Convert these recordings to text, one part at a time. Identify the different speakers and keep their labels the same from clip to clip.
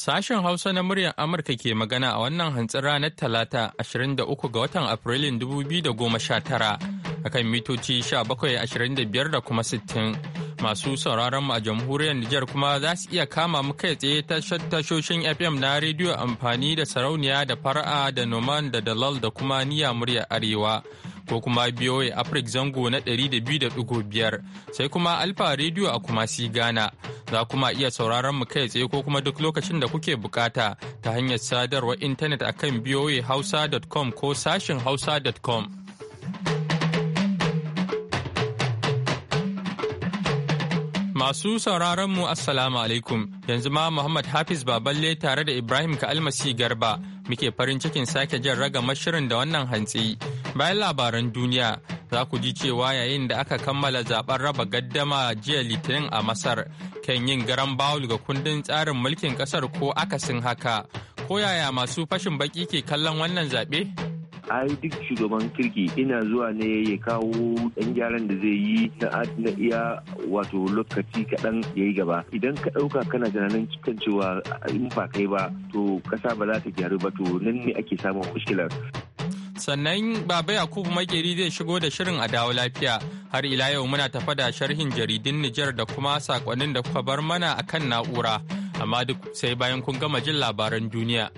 Speaker 1: Sashen Hausa na muryar Amurka ke magana a wannan hantsin ranar Talata 23 ga watan Afrilun 2019 akan mitoci 1725 da kuma 60. Masu sauraron mu a jamhuriyar Nijar kuma za su iya kama mu kai tsaye tashoshin FM na rediyo amfani da sarauniya da fara'a da noman da dalal da kuma niya muryar Arewa. ko kuma BOA Africa zango na 200.5 sai kuma Alfa Radio a kuma si Ghana. Za kuma iya sauraron mu kai tsaye ko kuma duk lokacin da kuke bukata ta hanyar sadarwar intanet akan boahausa.com ko sashin hausa.com. Masu sauraron mu Assalamu alaikum yanzu ma Muhammad Hafiz Baballe tare da Ibrahim Ka'almasi Garba muke farin cikin sake jan raga mashirin da wannan hantsi. Bayan labaran duniya za ku ji cewa yayin da aka kammala zaben raba gaddama jiya litinin a Masar kan yin garan bawul ga kundin tsarin mulkin kasar ko akasin haka. Ko yaya masu fashin baki ke kallon wannan zaɓe?
Speaker 2: ai duk shugaban kirki ina zuwa ne ya kawo dan gyaran da zai yi na iya wato lokaci kaɗan ya yi gaba idan ka ɗauka kana tunanin cikin cewa in ba kai ba to ƙasa ba za ta gyaru ba to nan ne ake samun mushkilar
Speaker 1: sannan baba yakubu makeri zai shigo da shirin a dawo lafiya har ila yau muna tafa da sharhin jaridun nijar da kuma sakonnin da kuka bar mana akan na'ura amma duk sai bayan kun gama jin labaran duniya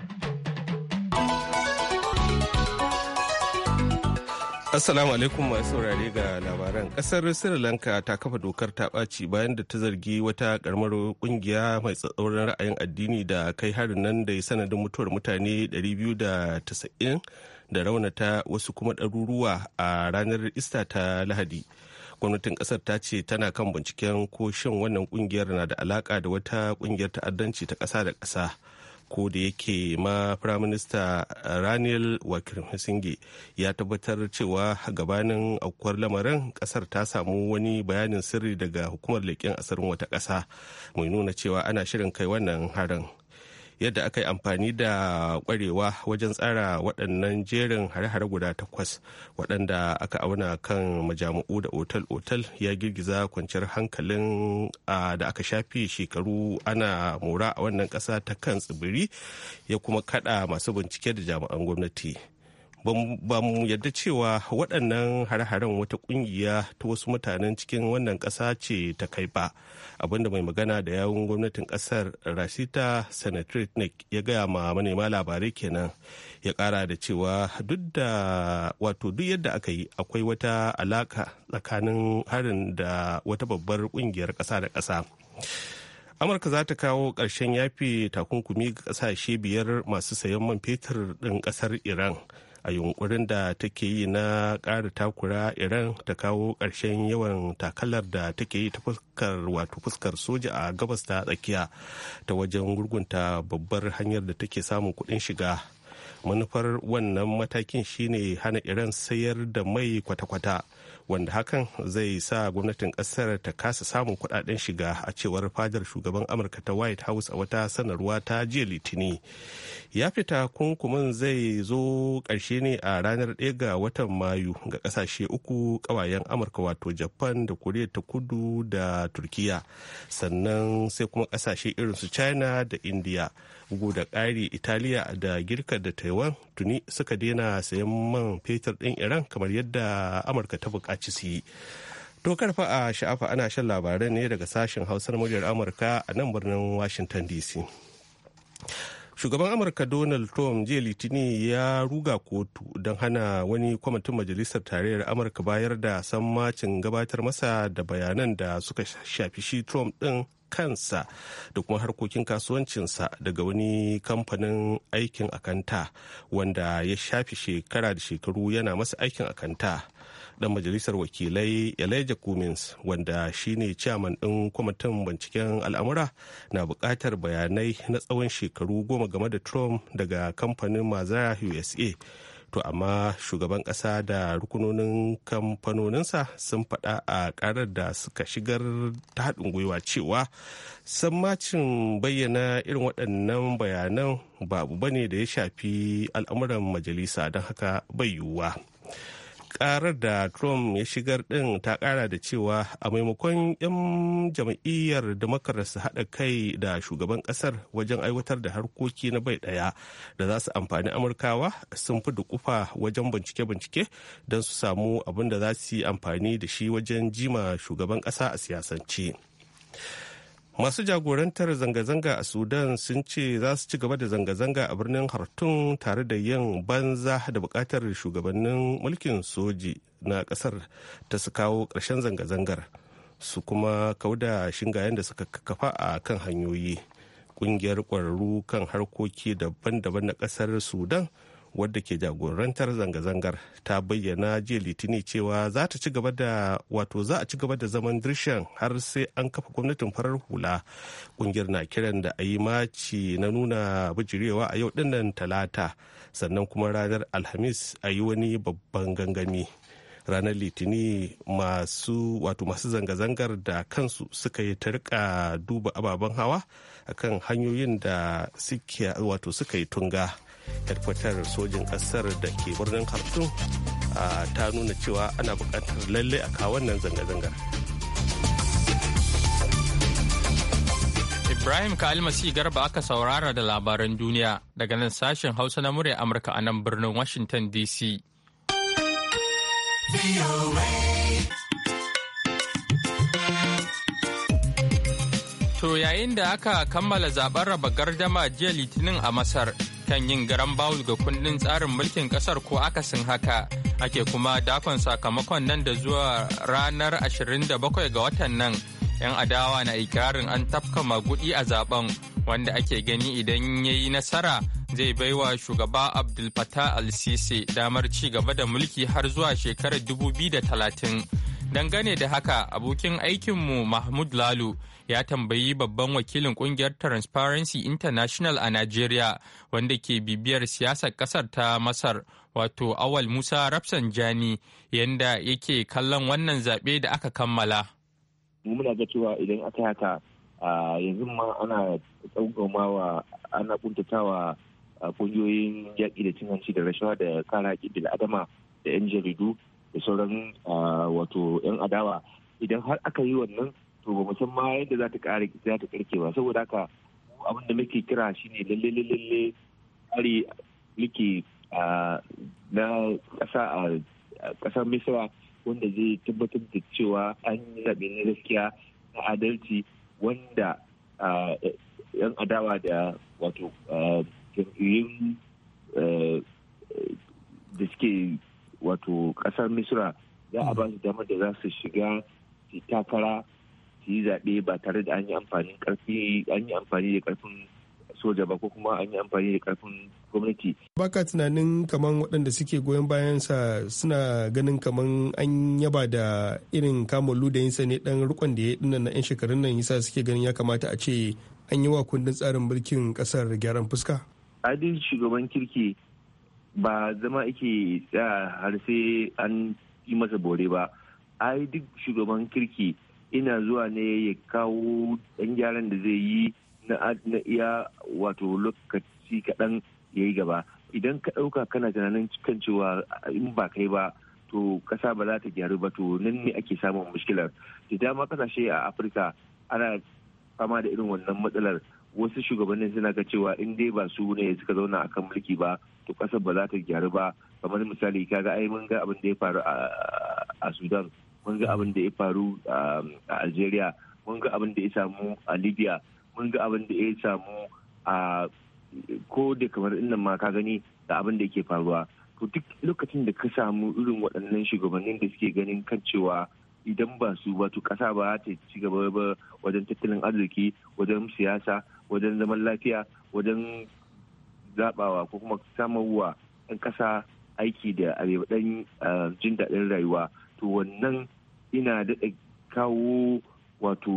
Speaker 1: Assalamu
Speaker 3: alaikum masu saurare ga labaran. Kasar Sri Lanka ta kafa dokar ta ɓaci bayan da ta zargi wata karamar ƙungiya mai tsatsauran ra'ayin addini da kai harin nan da ya sanadin mutuwar mutane 290 da raunata wasu kuma ɗaruruwa a ranar Ista ta Lahadi. Gwamnatin ƙasar ta ce tana kan binciken ko shin wannan ƙungiyar na da alaka da wata ƙungiyar ta'addanci ta ƙasa da ƙasa. ko da yake ma firaminista eh, raniel wakilmisinge ya tabbatar cewa gabanin aukuwar lamarin kasar ta samu wani bayanin sirri daga hukumar leƙen asirin wata ƙasa mai nuna cewa ana shirin kai wannan harin. yadda aka yi amfani da kwarewa wajen tsara waɗannan jerin hare-hare guda takwas waɗanda aka auna kan majamu'u da otal-otal ya girgiza kwanciyar hankalin da aka shafi shekaru ana mora a wannan ƙasa ta kan tsibiri ya kuma kaɗa masu bincike da jami'an gwamnati ba mu yarda cewa waɗannan hare-haren wata ƙungiya ta wasu mutanen cikin wannan ƙasa ce ta kai ba abinda mai magana da yawun gwamnatin ƙasar rasita sanatritnik ya gaya ma manema labarai kenan ya ƙara da cewa duk da wato duk yadda aka yi akwai wata alaka tsakanin harin da wata babbar ƙungiyar ƙasa da ƙasa amurka za ta kawo ƙarshen yafi takunkumi ga ƙasashe biyar masu sayan man fetur ɗin ƙasar iran a yunkurin da take yi na ƙara takura iran ta kawo ƙarshen yawan takalar da take yi ta fuskar wato fuskar soja a gabas ta tsakiya ta wajen gurgunta babbar hanyar da take samun kuɗin shiga manufar wannan matakin shine hana iran sayar da mai kwata-kwata wanda hakan zai sa gwamnatin kasar ta kasa samun kudaden shiga a cewar fadar shugaban amurka ta white house a wata sanarwa ta jiya litini ya fita kunkumin zai zo ƙarshe ne a ranar 1 ga watan mayu ga kasashe uku kawayen amurka wato japan da korea ta kudu da turkiya sannan sai kuma kasashe irin su china da india bugu da ƙari italiya da girka da taiwan tuni suka daina sayan man fetur ɗin iran kamar yadda amurka ta buƙaci ci su yi to karfa a sha'afa ana shan labarai ne daga sashen hausar muryar amurka a nan birnin washington dc shugaban amurka donald trump jiya litini ya ruga kotu don hana wani kwamitin majalisar tarayyar amurka bayar da sammacin gabatar masa da bayanan da suka shafi shi trump ɗin kansa da kuma harkokin kasuwancinsa daga wani kamfanin aikin akanta wanda ya shafi shekara da shekaru yana masa aikin akanta dan majalisar wakilai elijah cummins wanda shine chairman ɗin kwamitin binciken al'amura na buƙatar bayanai na tsawon shekaru goma game da trump daga kamfanin maza usa to amma shugaban ƙasa da rukunonin kamfanoninsa sun faɗa a ƙarar da suka shigar ta haɗin gwiwa cewa sammacin bayyana irin waɗannan bayanan babu bane da ya shafi al'amuran majalisa don haka bai yiwuwa. karar da trump ya shigar din ta kara da cewa a maimakon 'yan jam'iyyar democrat su haɗa kai da shugaban kasar wajen aiwatar da harkoki na bai daya da za su amfani amurkawa sun fi kufa wajen bincike-bincike don su samu abin da za su yi amfani da shi wajen jima shugaban kasa a siyasance. masu jagorantar zanga-zanga a sudan sun ce za su ci gaba da zanga-zanga a birnin hartun tare da yin banza da bukatar shugabannin mulkin soji na kasar ta su kawo ƙarshen zanga-zangar su kuma kauda shingayen da suka kafa a kan hanyoyi ƙungiyar ƙwararru kan harkoki daban-daban na ƙasar sudan wadda ke jagorantar zanga-zangar ta bayyana jiya litini cewa za ta ci gaba da wato za a ci gaba da zaman dirshan har sai an kafa gwamnatin farar hula kungiyar na kiran da a yi maci na nuna bijirewa a yau dinnan talata sannan kuma ranar alhamis a yi wani babban gangami ranar litini masu wato masu zanga-zangar da kansu suka yi ta rika duba ababen hawa akan hanyoyin da wato suka yi tunga hedkwatar sojin Kasar da ke birnin khartoum ta nuna cewa ana buƙatar lalle a kawo wannan zanga-zangar
Speaker 1: ibrahim kalmasi garba aka saurara da labaran duniya daga nan sashen hausa na murya amurka a nan birnin washington dc To yayin da aka kammala zaben raba gardama jiya litinin a Masar, kan yin garan bawul ga kundin tsarin mulkin kasar ko akasin haka ake kuma dakon sakamakon nan da zuwa ranar 27 ga watan nan 'yan adawa na ikirarin an tafka magudi a zaben wanda ake gani idan ya yi nasara zai baiwa shugaba abdul fatah al-sisi damar ci gaba da mulki har zuwa shekarar 2030 dangane da haka abokin aikinmu mahmud lalu ya tambayi babban wakilin kungiyar transparency international a nigeria wanda ke bibiyar siyasar kasar ta masar wato awal musa rafsanjani yadda yake kallon wannan zaɓe da aka kammala
Speaker 2: mu muna ga cewa idan aka haka yanzu ma ana tsangwamawa ana kuntatawa kungiyoyin yaƙi da cin hanci da rashawa da kara haƙƙin adama da 'yan jaridu da sauran wato 'yan adawa idan har aka yi wannan to ba mu san ma yadda za ta kare za ta karke ba saboda haka abin da muke kira shine lalle lalle ari muke na kasa a ƙasar misra wanda zai tabbatar da cewa an zaɓe na gaskiya na adalci wanda yan adawa da wato jam'iyyun da suke wato kasar misra za a ba su damar da za su shiga takara su yi zaɓe ba tare da an yi amfani da ƙarfin soja ba ko kuma an yi amfani da ƙarfin gwamnati.
Speaker 4: Baka tunanin kaman waɗanda suke goyon bayansa suna ganin kaman an yaba da irin kamun ludayinsa ne dan rukon da ya yi dinnan na 'yan shekarun nan yasa suke ganin ya kamata a ce an yi wa kundin tsarin mulkin kasar gyaran fuska.
Speaker 2: Adil shugaban kirki ba zama ake tsaya har sai an yi masa bore ba. Ai duk shugaban kirki ina zuwa ne ya kawo yan gyaran da zai yi na iya wato lokaci kaɗan ya yi gaba idan ka ɗauka kana tunanin kan cewa in ba kai ba to ƙasa ba za ta gyaru ba to nan ne ake samun mushkilar da dama ƙasashe a afirka ana fama da irin wannan matsalar wasu shugabannin suna ga cewa in dai ba su ne suka zauna a kan mulki ba to ƙasar ba za ta gyaru ba kamar misali kaga ai mun ga abin da ya faru a sudan mun ga abin da ya faru um, a algeria mun ga abin da ya samu a libya mun ga abin da ya samu a ko da kamar inda ma ka gani da abin da yake faruwa to duk lokacin da ka samu irin waɗannan shugabannin da suke ganin kan cewa idan ba su ba to ƙasa ba ta ci gaba ba wajen tattalin arziki wajen siyasa wajen zaman lafiya wajen zabawa ko kuma samarwa 'yan ƙasa aiki da ɗan uh, jin daɗin rayuwa to wannan ina daɗa kawo wato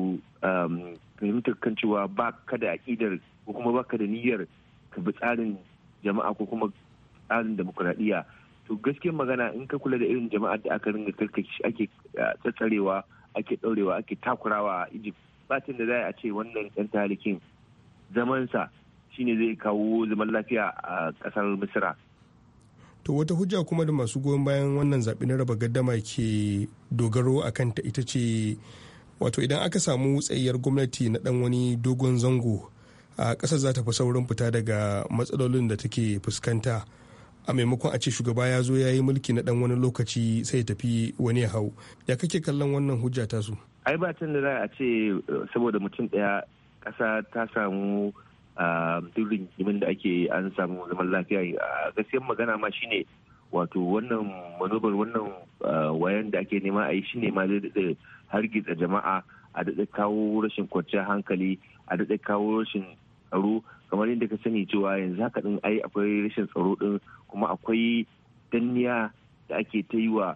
Speaker 2: um, fahimtar kan cewa ba ka da aƙidar ko kuma ba ka da niyyar ka bi tsarin jama'a ko kuma tsarin demokuraɗiyya to gaskiyar magana in ka kula da irin jama'a da aka ringa karkashi ake uh, tsatsarewa ake ɗaurewa ake takurawa a egypt batin da za a ce wannan ɗan talikin zamansa shine zai kawo zaman lafiya a ƙasar misira
Speaker 4: to wata hujja kuma da masu goyon bayan wannan zaɓe na raba gaddama ke dogaro a kanta ita ce wato idan aka samu tsayayyar gwamnati na ɗan wani dogon zango a ƙasar za ta fi saurin fita daga matsalolin da take fuskanta a maimakon a ce shugaba ya zo ya yi mulki na ɗan wani lokaci sai tafi wani ya hau ya kake kallon wannan hujja su.
Speaker 2: ai ba da za a ce eh, saboda mutum ɗaya ƙasa ta samu Ah, duk rigimin da ake an samu zaman lafiya a ah, gaskiyar magana ma shine wato wannan manobar wannan ah, wayan da ake nema a yi shine ma zai hargitsa jama'a a daɗa kawo rashin kwanciyar hankali a daɗa kawo rashin tsaro kamar yadda ka sani cewa yanzu haka ɗin ai akwai rashin tsaro ɗin kuma akwai danniya da ake ta yi wa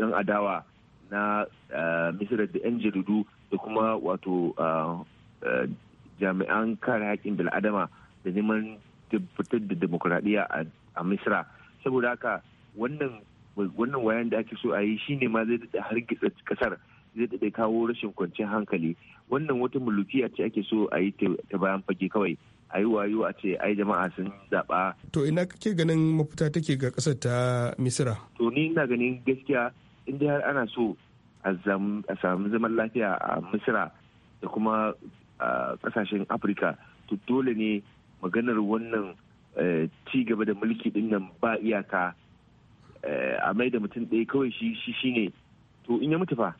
Speaker 2: yan adawa na misira da yan jaridu da kuma wato eh, jami'an kare haƙƙin bil'adama da neman fitar da demokuraɗiyya a misra saboda haka wannan wayan da ake so a yi shine ma zai daɗa hargitsa kasar zai daɗa kawo rashin kwanciyar hankali wannan wata mulukiya ce ake so a yi ta bayan fage kawai a yi wayo a ce ai jama'a sun zaɓa. to ina kake
Speaker 4: ganin mafita take ga ƙasar ta misra
Speaker 2: to ni ina ganin gaskiya in dai har ana so a samu zaman lafiya a misra da kuma kasashen afirka to dole ne maganar wannan eh, ci gaba da mulki din nan ba iyaka eh, a mai da mutum ɗaya kawai shi shi ne to in ya mutu fa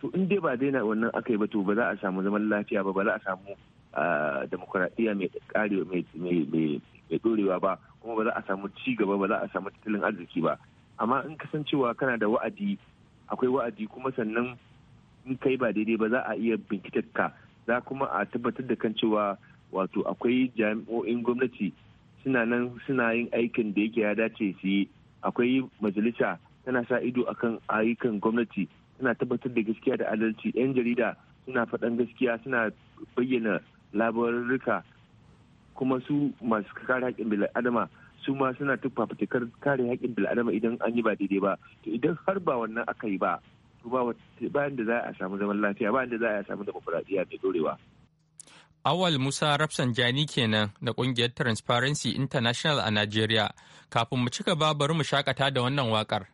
Speaker 2: to in dai ba daina wannan aka yi ba to ba za a samu zaman lafiya ba ba za a samu demokuraɗiyya mai karewa mai ɗorewa ba kuma ba za a samu ci gaba ba za a samu tattalin arziki ba amma in kasancewa kana da wa'adi akwai wa'adi kuma sannan in kai ba daidai ba za a iya binkikar ka za kuma a tabbatar da kan cewa wato akwai jami'o'in gwamnati suna nan suna yin aikin da yake ya dace su yi akwai majalisa tana sa ido akan ayyukan gwamnati tana tabbatar da gaskiya da adalci 'yan jarida suna faɗan gaskiya suna bayyana labarurruka kuma su masu kare haƙƙin bil'adama su ma suna tuffa kare haƙƙin bil'adama idan an yi ba daidai ba to idan har ba wannan aka yi ba to ba da za a samu zaman lafiya ba da za a samu demokuraɗiyya mai dorewa.
Speaker 1: Awal Musa rafsan jani kenan da kungiyar Transparency International a Najeriya. Kafin mu cika babar mu shakata da wannan wakar.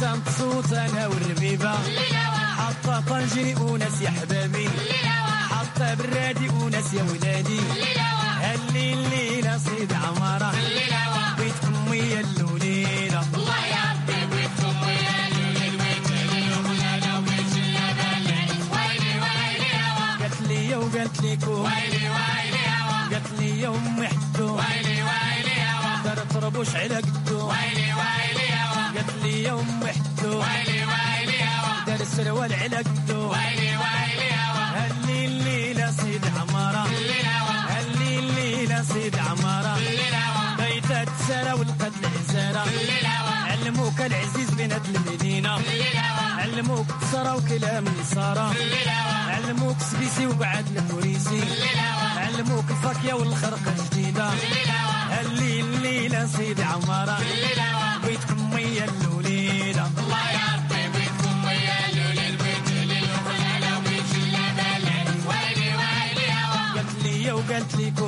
Speaker 5: حتى مبسوط انا والربيبه حاطه طنجري وناس يا حبابي حاطه برادي وناس يا ولادي هالليل الليلة صيد عماره بيت امي يا اللوليله الله يا ربي بيت امي يا اللوليل ويت اللوليله ويت اللبلل ويلي ويلي هوا قالت لي وقالت لكم ويلي ويلي هوا قالت لي يا امي حدو ويلي ويلي هوا تربوش على قدو ويلي ويلي قالت لي يوم محتو ويلي ويلي هوا درس والعنقدو ويلي ويلي وا هلي الليلة سيد عمارة الليلة هلي الليلة سيد عمارة الليلة بيتة سارة والقتل عزارة علموك العزيز بنت المدينة الليلة علموك سارة وكلام نصارى علموك سبيسي وبعد الموريسي علموك الفاكية والخرقة جديدة هلي الليلة سيد عمارة الليلة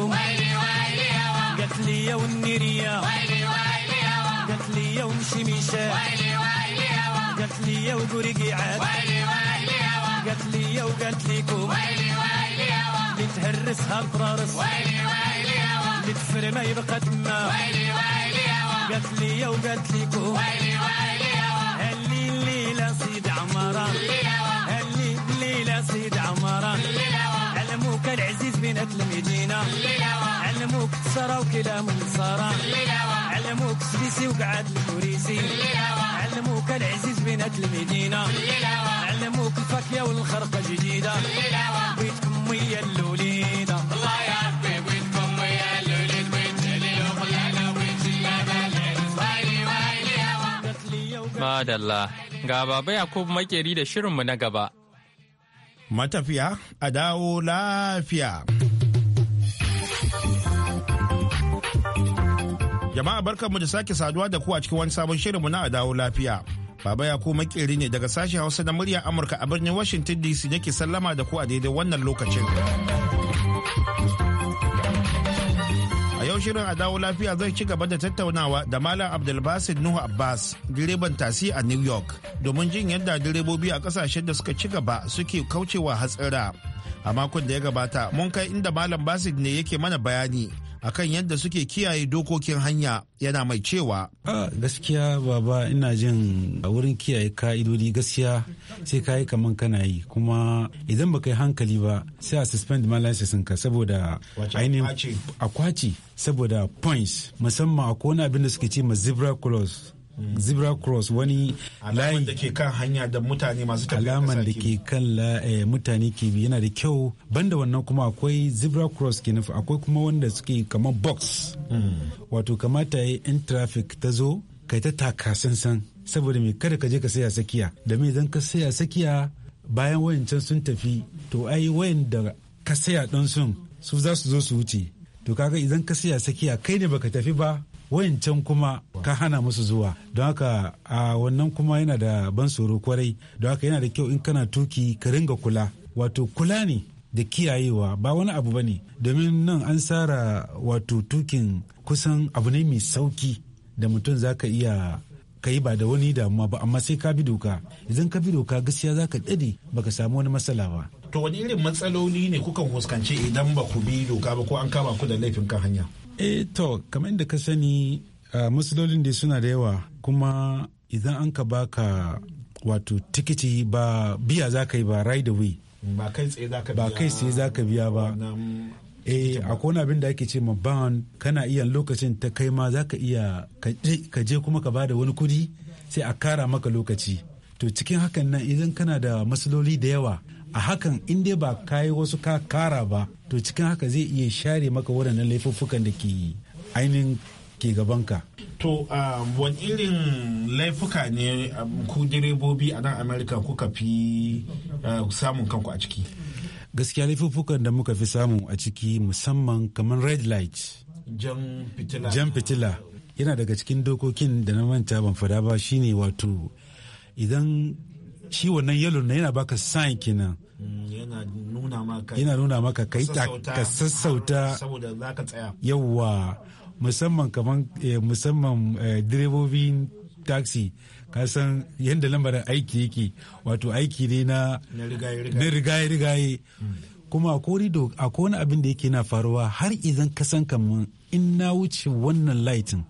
Speaker 5: اليوم ويلي ويلي يوا قالت لي يا والنيريا ويلي ويلي يوا قالت لي يا ومشميشة ويلي ويلي يوا قالت لي يا وقرقيعات ويلي ويلي يوا قالت لي يا وقالت ليكم ويلي ويلي يوا اللي تهرسها القرارس ويلي ويلي يوا اللي تفر ما يبقى تما ويلي ويلي يوا قالت لي يا وقالت ليكم ويلي ويلي يوا اللي الليلة سيد عمران اللي الليلة سيد عمران الليلة مدينة المدينة علموك تسرى وكلام النصارى علموك سبيسي وقعد الكوريسي علموك العزيز بنات المدينة علموك الفاكية والخرقة جديدة بيتكم مية الوليدة الله يا ربي بيتكم ويلي
Speaker 1: ويلي ga baba Yakub makeri da shirinmu na gaba.
Speaker 6: Matafiya a dawo lafiya. Jama'a barkar mu da sake saduwa da ku a cikin wani sabon shirinmu na dawo lafiya. Baba ya ku makeri ne daga sashen Hausa na murya Amurka a birnin Washington DC yake sallama da ku a daidai wannan lokacin. A yau shirin a dawo lafiya zai ci gaba da tattaunawa da Malam Abdulbasid Nuhu Abbas, direban tasi a New York, domin jin yadda direbobi a kasashen da suka ci gaba suke kaucewa hatsira. A makon da ya gabata, mun kai inda Malam Basid ne yake mana bayani akan yadda suke kiyaye dokokin hanya yana mai cewa
Speaker 7: gaskiya baba ina jin a wurin kiyaye ka'idodi gaskiya sai ka yi kaman kana yi kuma idan baka yi hankali ba sai a suspend ma ka saboda ainihin a kwaci saboda points musamman a kona abin da suke ce ma zebra cross zebra cross wani alaman da ke kan hanya da mutane masu tafiya alaman da ke kan eh, mutane ke bi yana da kyau banda wannan kuma akwai zebra cross ke nufi akwai kuma wanda suke kamar box hmm. wato kamata ya in traffic ta zo kai ta taka sansan saboda mai kada ka je ka saya sakiya da mai zan ka saya sakiya bayan wayancan sun tafi to ai wayan da ka saya dan sun su za su zo su wuce to kaga idan ka saya sakiya kai ne baka tafi ba wayancan kuma ka hana musu zuwa don haka a wannan kuma yana da ban tsoro kwarai don haka yana da kyau in kana tuki ka ringa kula wato kula ne da kiyayewa ba wani abu ba ne domin nan an tsara wato tukin kusan abu ne mai sauki da mutum za ka iya ka yi ba da wani damuwa ba amma sai ka bi doka idan ka bi doka gaskiya za ka dade baka samu wani matsala ba
Speaker 6: to wani irin matsaloli ne kuka fuskanci idan ba ku bi doka ba ko an kama ku da laifin kan hanya e to kamar da ka sani
Speaker 7: matsalolin da suna da yawa kuma idan an ka baka wato tikiti ba biya za ka yi ba right away
Speaker 6: ba kai tsaye
Speaker 7: za ka biya ba eh akwai wani abin da ake ce ma ban kana iya lokacin ta kai ma za ka iya ka je kuma ka bada wani kudi sai a kara maka lokaci to cikin hakan nan idan kana da masaloli da yawa a hakan in dai ba yi wasu ka kara ba to cikin haka zai iya share maka waɗannan laifuffukan da ke ainihin ke gabanka
Speaker 6: to wani irin laifuka ne ku direbobi a nan amerika kuka fi samun kanku a ciki gaskiya laifuffukan da muka fi samu
Speaker 7: a ciki musamman kamar red light jan fitila yana daga cikin dokokin da na manta ban fada ba shine wato idan shi wannan yalo na yana baka sign kenan
Speaker 6: mm, yana nuna maka kai ka sassauta saboda tsaya
Speaker 7: yawwa musamman kaman eh, musamman eh, direbobin taxi ka san yadda lambarin aiki yake wato aiki ne na
Speaker 6: rigaye rigaye
Speaker 7: kuma a da a wani abin da yake na faruwa har idan ka san kaman in na wuce wannan lightin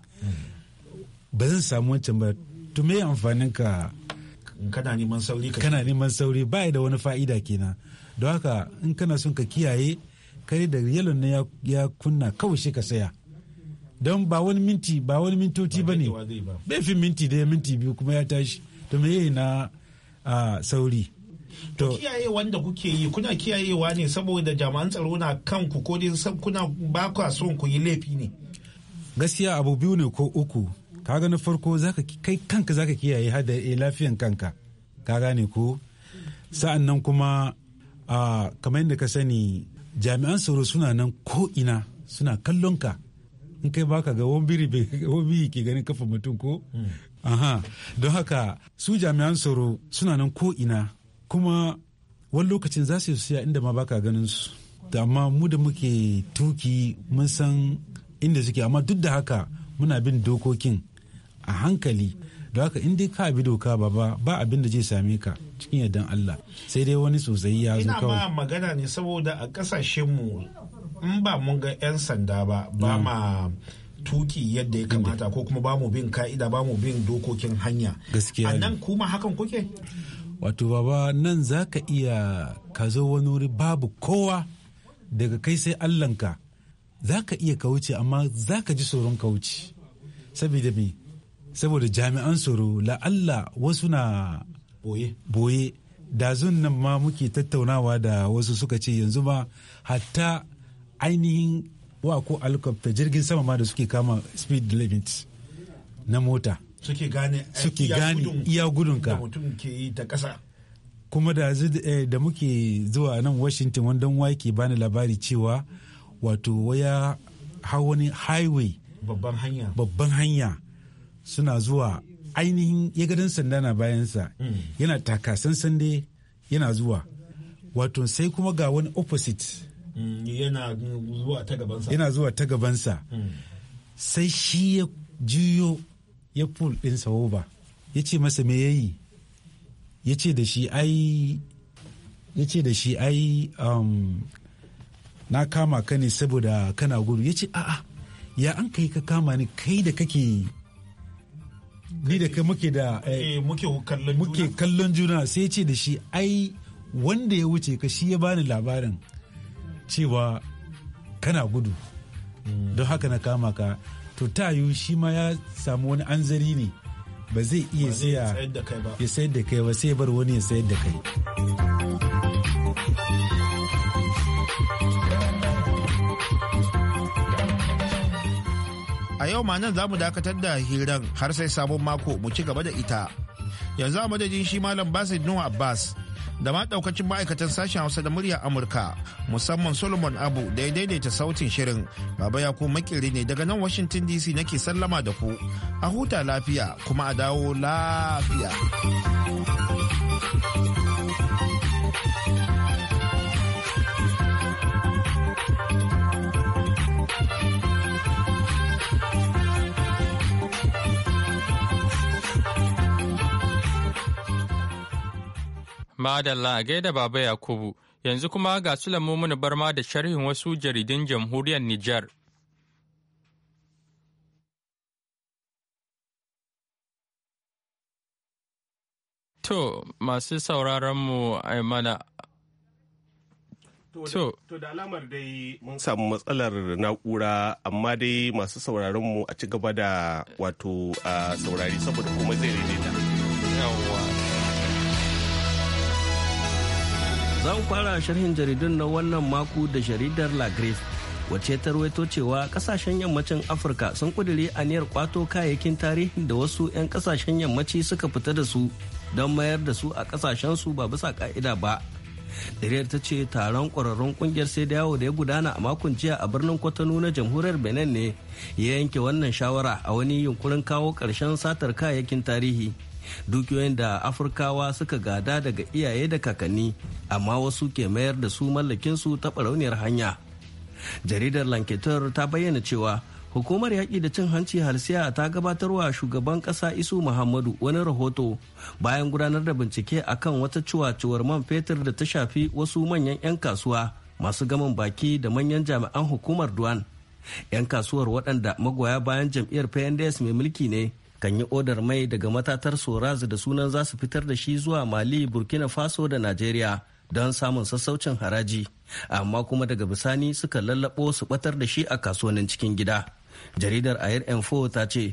Speaker 7: ba zan samu wancan ba to me amfanin ka kana neman sauri kana neman sauri ba da wani fa'ida kenan don haka in kana son ka kiyaye kai da yalon na ya kunna kawai shi ka saya don ba wani minti ba wani mintoci
Speaker 6: ba ne bai fi minti da minti biyu kuma ya tashi to me yayi na sauri to kiyaye wanda kuke yi kuna kiyayewa ne saboda jami'an tsaro na kanku ko dai kuna ba son ku yi laifi ne
Speaker 7: gaskiya abu biyu ne ko uku kaga na farko zaka kai kanka zaka kiyaye hada eh, lafiyan kanka ka gane ko sa'an nan kuma a kamar yadda ka sani jami'an tsaro suna nan ko ina suna kallon ka in kai baka ga wani biri ke ganin kafa mutum ko hmm. aha don haka su jami'an tsaro suna nan ko ina kuma wani lokacin za su yi siya inda ma baka ganin su da amma mu da muke tuki mun san inda suke amma duk da haka muna bin dokokin a hankali da haka in dai ka bi doka ba ba abin da zai same ka
Speaker 6: cikin yardan Allah sai
Speaker 7: dai wani sosai ya zo kawai ina ma
Speaker 6: magana ne saboda a kasashen mu in ba mun ga yan sanda ba ba mm. ma tuki yadda ya kamata ko kuma ba mu bin ka'ida ba mu bin dokokin hanya a nan kuma hakan kuke
Speaker 7: wato baba nan za ka iya ka zo wani wuri babu kowa daga kai sai Allahnka za ka iya kauce amma za ka ji tsoron kauce saboda me saboda jami'an tsaro la'alla wasu na boye da zun nan ma muke tattaunawa da wasu suka ce yanzu ma hatta ainihin wa ko alkwabta jirgin sama ma da suke kama speed limit na mota
Speaker 6: suke gane eh, iya gudunka mutum ke yi ta
Speaker 7: kuma da eh, da muke zuwa nan washington wanda wa ke bani labari cewa wato waya hawa wani highway
Speaker 6: babban hanya
Speaker 7: babban hanya suna zuwa ainihin ya gadon sanda na bayansa hmm. yana takasan sande yana zuwa wato sai kuma ga wani opposite
Speaker 6: hmm, yana
Speaker 7: zuwa ta gabansa hmm. sai shi ya juyo ya pull din sawoba ya ce masa me yayi ya ce da shi ai ya ce da shi ai um, na kama ka ne saboda kana gudu ya ce a'a ya an kai ka kama ni kai da kake ni da kai muke da eh, eh, muke kallon juna sai ce da shi ai wanda ya wuce ka shi ya bani labarin cewa kana gudu don haka na kama ka to tayu shi ma ya samu wani anzari ne ba zai iya sayar da kai ba sai bar wani ya sayar
Speaker 6: da kai. A yau ma nan za mu dakatar da hiran har sai sabon mako mu ci gaba da ita. Yanzu a madadin shi Malam Basit nuwa Abbas da ma daukacin ma'aikatan sashen Hausa da muryar Amurka musamman Solomon Abu da ya daidaita sautin shirin. Baba ya ko makiri ne daga nan Washington DC nake sallama da ku. A huta lafiya kuma a dawo lafiya.
Speaker 1: Madalla a gaida Baba Yakubu, yanzu kuma ga Sulaimu Barma da sharhin wasu jaridun jamhuriyar Nijar. To, masu sauraronmu a mana.
Speaker 3: To, da alamar dai mun samu matsalar na'ura amma dai masu sauraronmu a ci gaba da
Speaker 8: wato saurari saboda kuma zai daidaita. Yawwa. Za mu fara sharhin jaridun na wannan mako da jaridar La wace ta ruwaito cewa kasashen yammacin Afirka sun a aniyar kwato kayayyakin tarihi da wasu 'yan kasashen yammaci suka fita da su don mayar da su a kasashen su ba bisa ka'ida ba. Dariyar ta ce taron ƙwararrun ƙungiyar sai da yawo da ya gudana a makon jiya a birnin Kwatano na jamhuriyar Benin ne ya yanke wannan shawara a wani yunkurin kawo ƙarshen satar kayayyakin tarihi. dukiyoyin da afirkawa suka gada daga iyaye da kakanni amma wasu ke mayar da su mallakinsu ta barauniyar hanya jaridar lanketer ta bayyana cewa hukumar yaƙi da cin hanci halsiya ta gabatar wa shugaban ƙasa isu muhammadu wani rahoto bayan gudanar da bincike akan wata ciwaciwar man fetur da ta shafi wasu manyan 'yan kasuwa masu gaman baki da manyan jami'an hukumar duwan 'yan kasuwar waɗanda magoya bayan jam'iyyar pnds mai mulki ne kan yi odar mai daga matatar sorazu da sunan za su fitar da shi zuwa mali burkina faso da nigeria don samun sassaucin haraji amma kuma daga bisani suka lallabo su batar da shi a kasuwannin cikin gida jaridar air 4 ta ce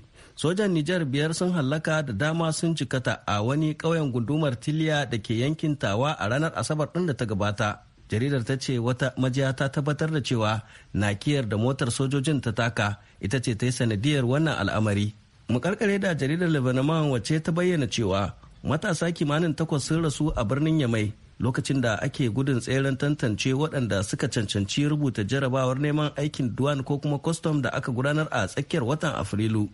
Speaker 8: sojan nijar biyar sun hallaka da dama sun jikata a wani ƙauyen gundumar tiliya da ke yankin tawa a ranar asabar ɗin da ta gabata jaridar ta ce wata majiya ta tabbatar da cewa nakiyar da motar sojojin ta taka ita ce ta yi sanadiyar wannan al'amari mukarkare da jaridar lebanon wace ta bayyana cewa matasa kimanin takwas sun rasu a birnin yamai lokacin da ake gudun tseren tantance waɗanda suka cancanci rubuta jarabawar neman aikin duwan ko kuma kwastam da aka gudanar a tsakiyar watan afrilu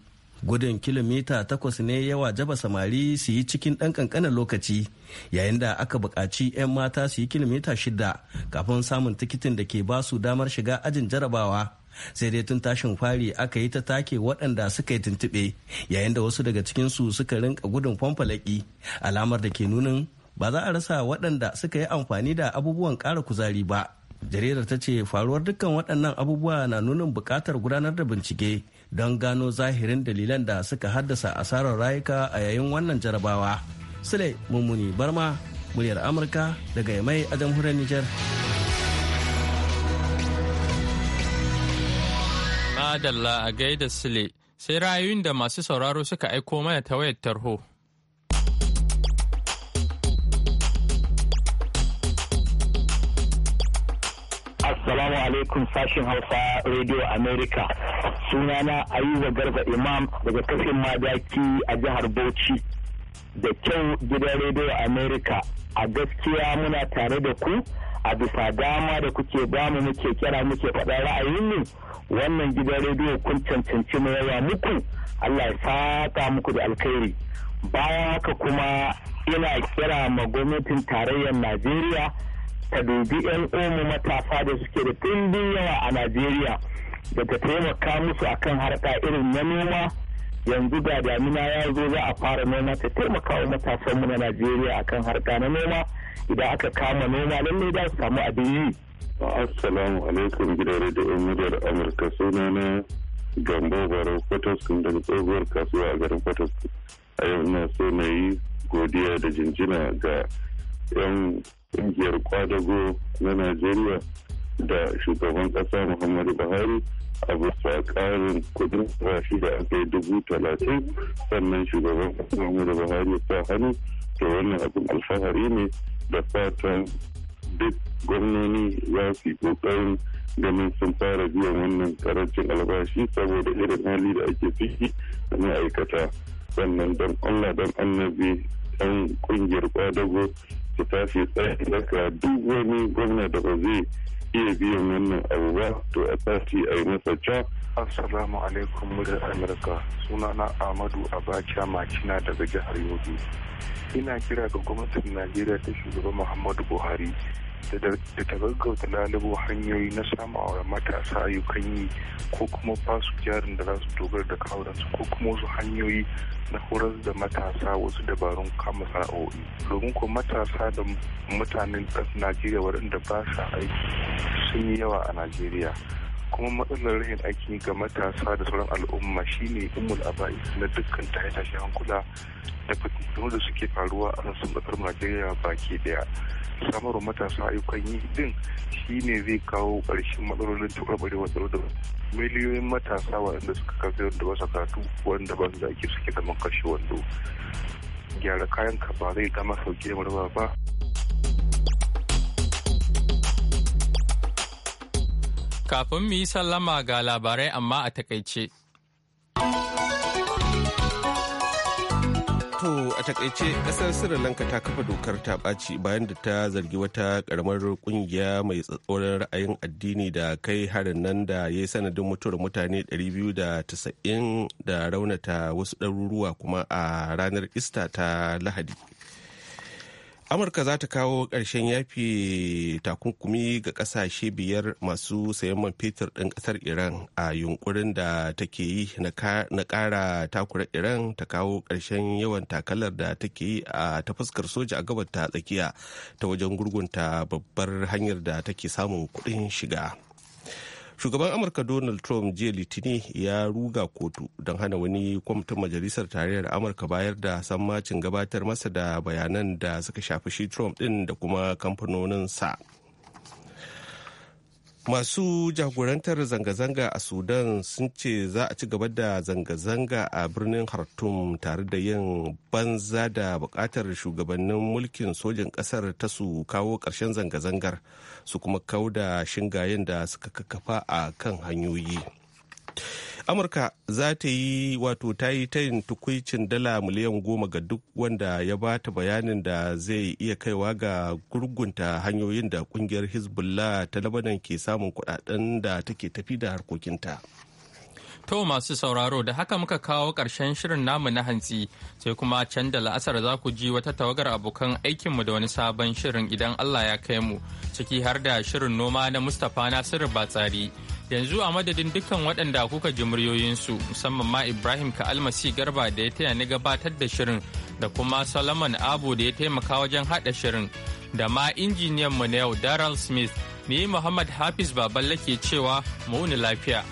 Speaker 8: gudun kilomita takwas ne yawa jaba samari su yi cikin ɗan ƙanƙanin lokaci yayin da aka buƙaci 'yan mata su yi kilomita shida kafin samun tikitin da ke ba su damar shiga ajin jarabawa sai dai tun tashin fari aka yi ta take waɗanda suka yi tuntuɓe yayin da wasu daga cikinsu suka rinka gudun famfalaki alamar da ke nunin ba za a rasa waɗanda suka yi amfani da abubuwan ƙara kuzari ba jaridar ta ce faruwar dukkan waɗannan abubuwa na nunin buƙatar gudanar da bincike don gano zahirin dalilan da suka haddasa asarar rayuka a yayin wannan jarabawa sule mummuni barma muryar amurka daga mai a jamhuriyar nijar.
Speaker 1: Madalla a gaida sile sai ra'ayoyin da masu sauraro suka aiko mana ta wayar tarho.
Speaker 2: Assalamu alaikum sashin Hausa Radio America. Sunana Ayuba Garba Imam daga kafin madaki a jihar Bauchi. Da kyau gidan Radio America a gaskiya muna tare da ku a bisa dama da kuke bamu muke kira muke faɗa ra'ayinmu wannan gidan rediyo kun cancanci mu yawa muku Allah ya saka muku da alkhairi baya haka kuma ina kira ma gwamnatin tarayyar Najeriya ta dubi 'yan mu matasa da suke da dimbin yawa a Najeriya da ta taimaka musu akan harka irin na noma yanzu ga damina ya zo za a fara noma ta taimaka wa matasanmu na Najeriya akan harka na noma idan aka kama noma lallai za su samu abin yi. Assalamu alaikum gidan rediyon muryar Amurka na Gambo Barau kun daga tsohuwar kasuwa a garin Fataskun. A yau na so na yi godiya da jinjina ga 'yan ƙungiyar kwadago na Najeriya da shugaban ƙasa Muhammadu Buhari a bisa ƙarin kudin rashi da aka yi dubu talatin sannan shugaban kasa Muhammadu Buhari ya sa hannu to wannan abin alfahari ne da fatan duk gwamnoni za su yi kokarin ganin sun fara biyan wannan karancin albashi saboda irin hali da ake ciki da ma'aikata sannan don allah don annabi dan kungiyar kwadago su tafi tsaye daga duk wani gwamna da ba zai iya biyan wannan abu ba to a tashi a yi masa ca. Assalamu alaikum muryar Amurka sunana Ahmadu Abacha Makina daga jihar Yobe. Ina kira ga gwamnatin Najeriya ta shugaba Muhammadu Buhari da ta gaggauta lalubo hanyoyi na samawa matasa ayyukan yi ko kuma ba su jarin da za su dogara da kawuransu ko kuma wasu
Speaker 4: hanyoyi
Speaker 2: na horar da matasa wasu dabarun kama sana'o'i domin ko matasa da mutanen najeriya waɗanda ba sa aiki sun yi yawa a najeriya kuma matsalar rahin aiki ga matasa da sauran al'umma shine umul aba'i na dukkan tashe shi hankula da fitintunu da suke faruwa a sassan ƙasar najeriya baki daya samarwa matasa ayyukan yi din shine zai kawo ƙarshen matsalolin tukarbarewar tsaro da miliyoyin matasa waɗanda suka kafe ba su karatu wanda ba su da suke zaman kashe wando gyara kayan ka ba zai zama sauke marwa ba
Speaker 1: Kafin mu yi sallama ga labarai amma a takaice.
Speaker 3: To a takaice kasar Sri Lanka ta kafa dokar ta ɓaci bayan da ta zargi wata ƙaramar ƙungiya mai tsatsauran ra'ayin addini da kai harin nan da ya yi sanadin mutuwar mutane 290 da raunata wasu ɗaruruwa kuma a ranar Ista ta Lahadi. amurka za ta kawo ƙarshen yafi takunkumi ga ƙasashe biyar masu sayan man fetur ɗin ƙasar iran a yunkurin da take yi na ƙara takura iran ta kawo ƙarshen yawan takalar da take yi a ta fuskar soja a gabata tsakiya ta wajen gurgunta babbar hanyar da take samun kuɗin shiga shugaban amurka donald trump jiya litini ya ruga kotu don hana wani kwamitin majalisar tarayyar amurka bayar da sammacin gabatar masa da bayanan da suka shafi shi trump din da kuma kamfanoninsa. sa. masu jagorantar zanga-zanga a sudan sun ce za a ci gaba da zanga-zanga a birnin hartum tare da yin banza da bukatar shugabannin mulkin sojin kasar ta su kawo ƙarshen zanga-zangar su kuma da shingayen da suka kakkafa a kan hanyoyi amurka za ta yi wato ta yi tayin tukwicin dala miliyan goma ga duk wanda ya ba ta bayanin da zai iya kaiwa ga gurgunta hanyoyin da kungiyar hezbollah ta labanan ke samun kudaden da take tafi da harkokinta
Speaker 1: To masu sauraro da haka muka kawo ƙarshen shirin namu na hantsi sai kuma can da la'asar za ku ji wata tawagar abokan aikinmu da wani sabon shirin idan Allah ya kai mu ciki har da shirin noma na Mustapha Nasiru Batsari. Yanzu a madadin dukkan waɗanda kuka ji muryoyinsu musamman ma Ibrahim ka almasi Garba da ya taya ni gabatar da shirin da kuma Solomon Abu da ya taimaka wajen haɗa shirin da ma injiniyan mu na yau Daryl Smith ni Muhammad Hafiz Baballe ke cewa mu lafiya.